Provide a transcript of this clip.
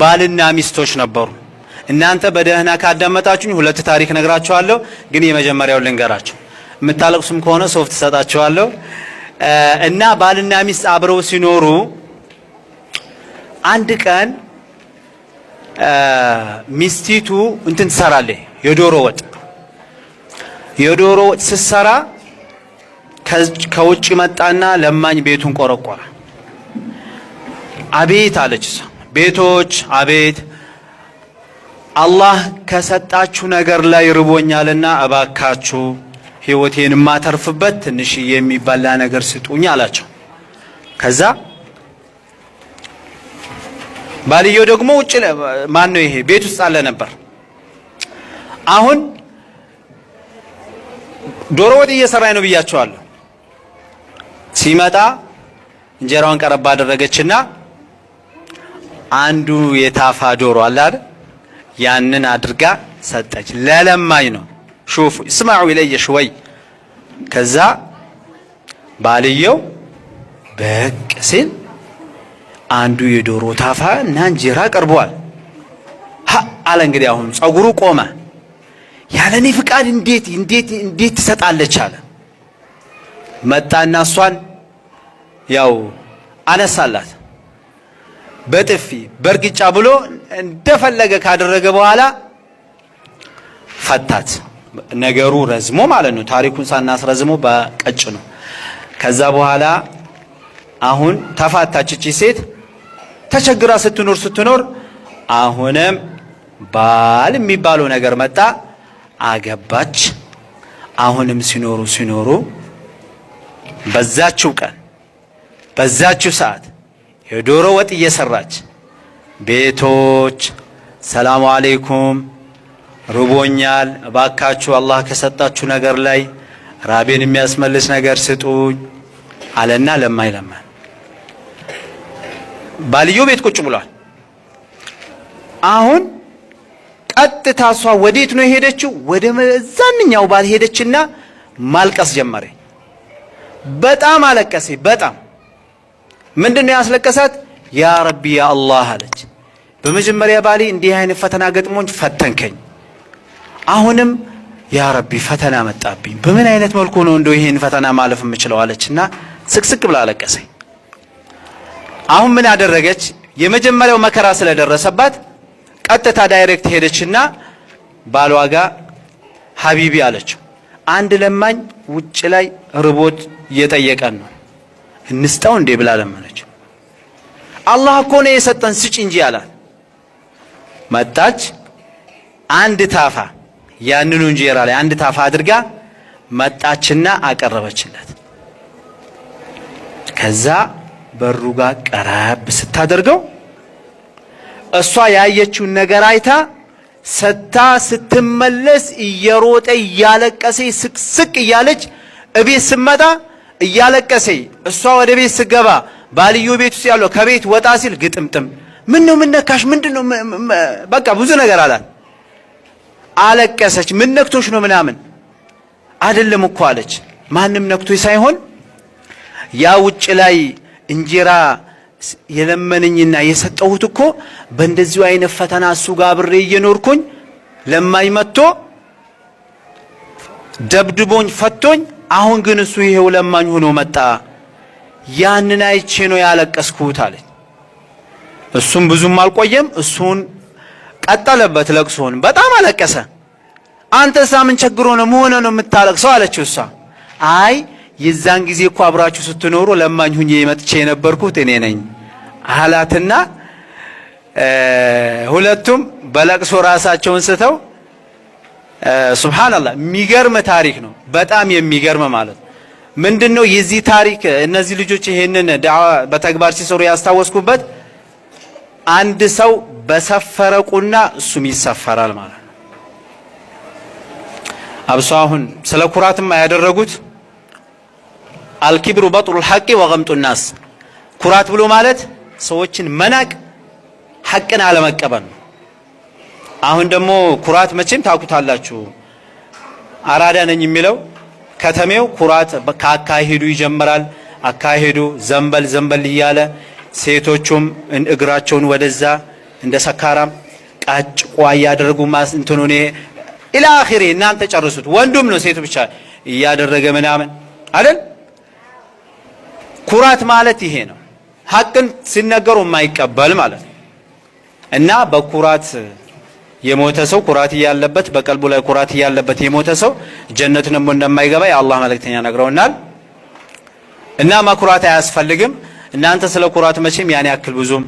ባልና ሚስቶች ነበሩ። እናንተ በደህና ካዳመጣችሁኝ ሁለት ታሪክ ነግራችኋለሁ፣ ግን የመጀመሪያው ልንገራችሁ። የምታለቅሱም ከሆነ ሶፍት እሰጣችኋለሁ። እና ባልና ሚስት አብረው ሲኖሩ አንድ ቀን ሚስቲቱ እንትን ትሰራለች፣ የዶሮ ወጥ የዶሮ ወጥ ስትሰራ ከውጭ መጣና ለማኝ ቤቱን ቆረቆረ። አቤት አለች እሷ ቤቶች አቤት አላህ ከሰጣችሁ ነገር ላይ ርቦኛልና እባካችሁ ህይወቴን የማተርፍበት ትንሽ የሚበላ ነገር ስጡኝ አላቸው። ከዛ ባልየው ደግሞ ውጭ ማን ነው ይሄ ቤት ውስጥ አለ ነበር። አሁን ዶሮ ወጥ እየሰራኝ ነው ብያቸዋለሁ። ሲመጣ እንጀራውን ቀረብ አደረገችና አንዱ የታፋ ዶሮ አለ አይደል? ያንን አድርጋ ሰጠች። ለለማኝ ነው። ሹፉ እስማዑ ኢለየ ሽወይ። ከዛ ባልየው በቅ ሲል አንዱ የዶሮ ታፋ እና እንጀራ ቀርቧል። ሀ አለ እንግዲህ አሁን ጸጉሩ ቆመ። ያለኔ ፍቃድ እንዴት እንዴት እንዴት ትሰጣለች አለ። መጣና እሷን ያው አነሳላት በጥፊ በእርግጫ ብሎ እንደፈለገ ካደረገ በኋላ ፈታት። ነገሩ ረዝሞ ማለት ነው። ታሪኩን ሳናስረዝሞ በቀጭ ነው። ከዛ በኋላ አሁን ተፋታች እቺ ሴት ተቸግራ ስትኖር ስትኖር አሁንም ባል የሚባለው ነገር መጣ፣ አገባች። አሁንም ሲኖሩ ሲኖሩ በዛችው ቀን በዛችው ሰዓት የዶሮ ወጥ እየሰራች ቤቶች ሰላሙ አሌይኩም ርቦኛል፣ እባካችሁ አላህ ከሰጣችሁ ነገር ላይ ራቤን የሚያስመልስ ነገር ስጡኝ አለና ለማኝ ባልዮ ባልየው ቤት ቁጭ ብሏል። አሁን ቀጥታ እሷ ወዴት ነው የሄደችው? ወደ መዛንኛው ባል ሄደችና ማልቀስ ጀመረ። በጣም አለቀሴ በጣም ምንድን ነው ያስለቀሳት? ያ ረቢ ያ አላህ አለች። በመጀመሪያ ባሌ እንዲህ አይነት ፈተና ገጥሞኝ ፈተንከኝ፣ አሁንም ያ ረቢ ፈተና መጣብኝ። በምን አይነት መልኩ ነው እንደው ይህን ፈተና ማለፍ የምችለው አለችና ስቅስቅ ብላ አለቀሰኝ። አሁን ምን አደረገች? የመጀመሪያው መከራ ስለደረሰባት ቀጥታ ዳይሬክት ሄደችና ባሏ ጋ ሀቢቢ አለችው። አንድ ለማኝ ውጭ ላይ ርቦት እየጠየቀን ነው እንስጣው እንዴ ብላ ለመነች። አላህ እኮ ነው የሰጠን ስጭ እንጂ አላት። መጣች አንድ ታፋ ያንኑ እንጀራ ላይ አንድ ታፋ አድርጋ መጣችና አቀረበችለት። ከዛ በሩ ጋር ቀረብ ስታደርገው እሷ ያየችውን ነገር አይታ ሰታ ስትመለስ እየሮጠ እያለቀሰ ስቅስቅ እያለች እቤት ስመጣ እያለቀሴ እሷ ወደ ቤት ስገባ ባልዩ ቤት ውስጥ ያለው ከቤት ወጣ ሲል ግጥምጥም ምን ነው ምነካሽ? ምንድን ነው በቃ ብዙ ነገር አላት። አለቀሰች። ምን ነክቶሽ ነው ምናምን አይደለም እኮ አለች። ማንም ነክቶ ሳይሆን ያ ውጭ ላይ እንጀራ የለመነኝና የሰጠሁት እኮ በእንደዚሁ አይነት ፈተና እሱ ጋር አብሬ እየኖርኩኝ ለማኝ መጥቶ ደብድቦኝ ፈቶኝ አሁን ግን እሱ ይሄው ለማኝ ሆኖ መጣ። ያንን አይቼ ነው ያለቀስኩት አለች። እሱም ብዙም አልቆየም። እሱን ቀጠለበት ለቅሶን፣ በጣም አለቀሰ። አንተ ምን ቸግሮ ነው መሆነ ነው የምታለቅሰው አለችው። እሷ አይ የዛን ጊዜ እኮ አብራችሁ ስትኖሩ ለማኝ ሁኜ መጥቼ የነበርኩት እኔ ነኝ አላትና ሁለቱም በለቅሶ ራሳቸውን ስተው ሱብሃንአላህ የሚገርም ታሪክ ነው። በጣም የሚገርም ማለት ነው። ምንድነው የዚህ ታሪክ እነዚህ ልጆች ይሄንን ዳዋ በተግባር ሲሰሩ ያስታወስኩበት አንድ ሰው በሰፈረ ቁና እሱም ይሰፈራል ማለት ነው። አብሶ አሁን ስለ ኩራትማ ያደረጉት አልኪብሩ በጥሩል ሐቂ ወገምጡ ናስ ኩራት ብሎ ማለት ሰዎችን መናቅ ሐቅን አለመቀበል ነው። አሁን ደግሞ ኩራት መቼም ታውቁታላችሁ። አራዳ ነኝ የሚለው ከተሜው ኩራት ከአካሄዱ ይጀምራል። አካሄዱ ዘንበል ዘንበል እያለ ሴቶቹም እግራቸውን ወደዛ እንደ ሰካራም ቃጭቋ እያደረጉ ማስ እንትኑ እኔ ኢላኺሪ እናንተ ጨርሱት። ወንዱም ነው ሴቱ ብቻ እያደረገ ምናምን አይደል? ኩራት ማለት ይሄ ነው። ሀቅን ሲነገሩ የማይቀበል ማለት ነው እና በኩራት የሞተ ሰው ኩራት እያለበት በቀልቡ ላይ ኩራት እያለበት የሞተ ሰው ጀነት ነው እንደማይገባ የአላህ መልእክተኛ ነግረውናል። እና ማኩራት አያስፈልግም። እናንተ ስለ ኩራት መቼም ያን ያክል ብዙም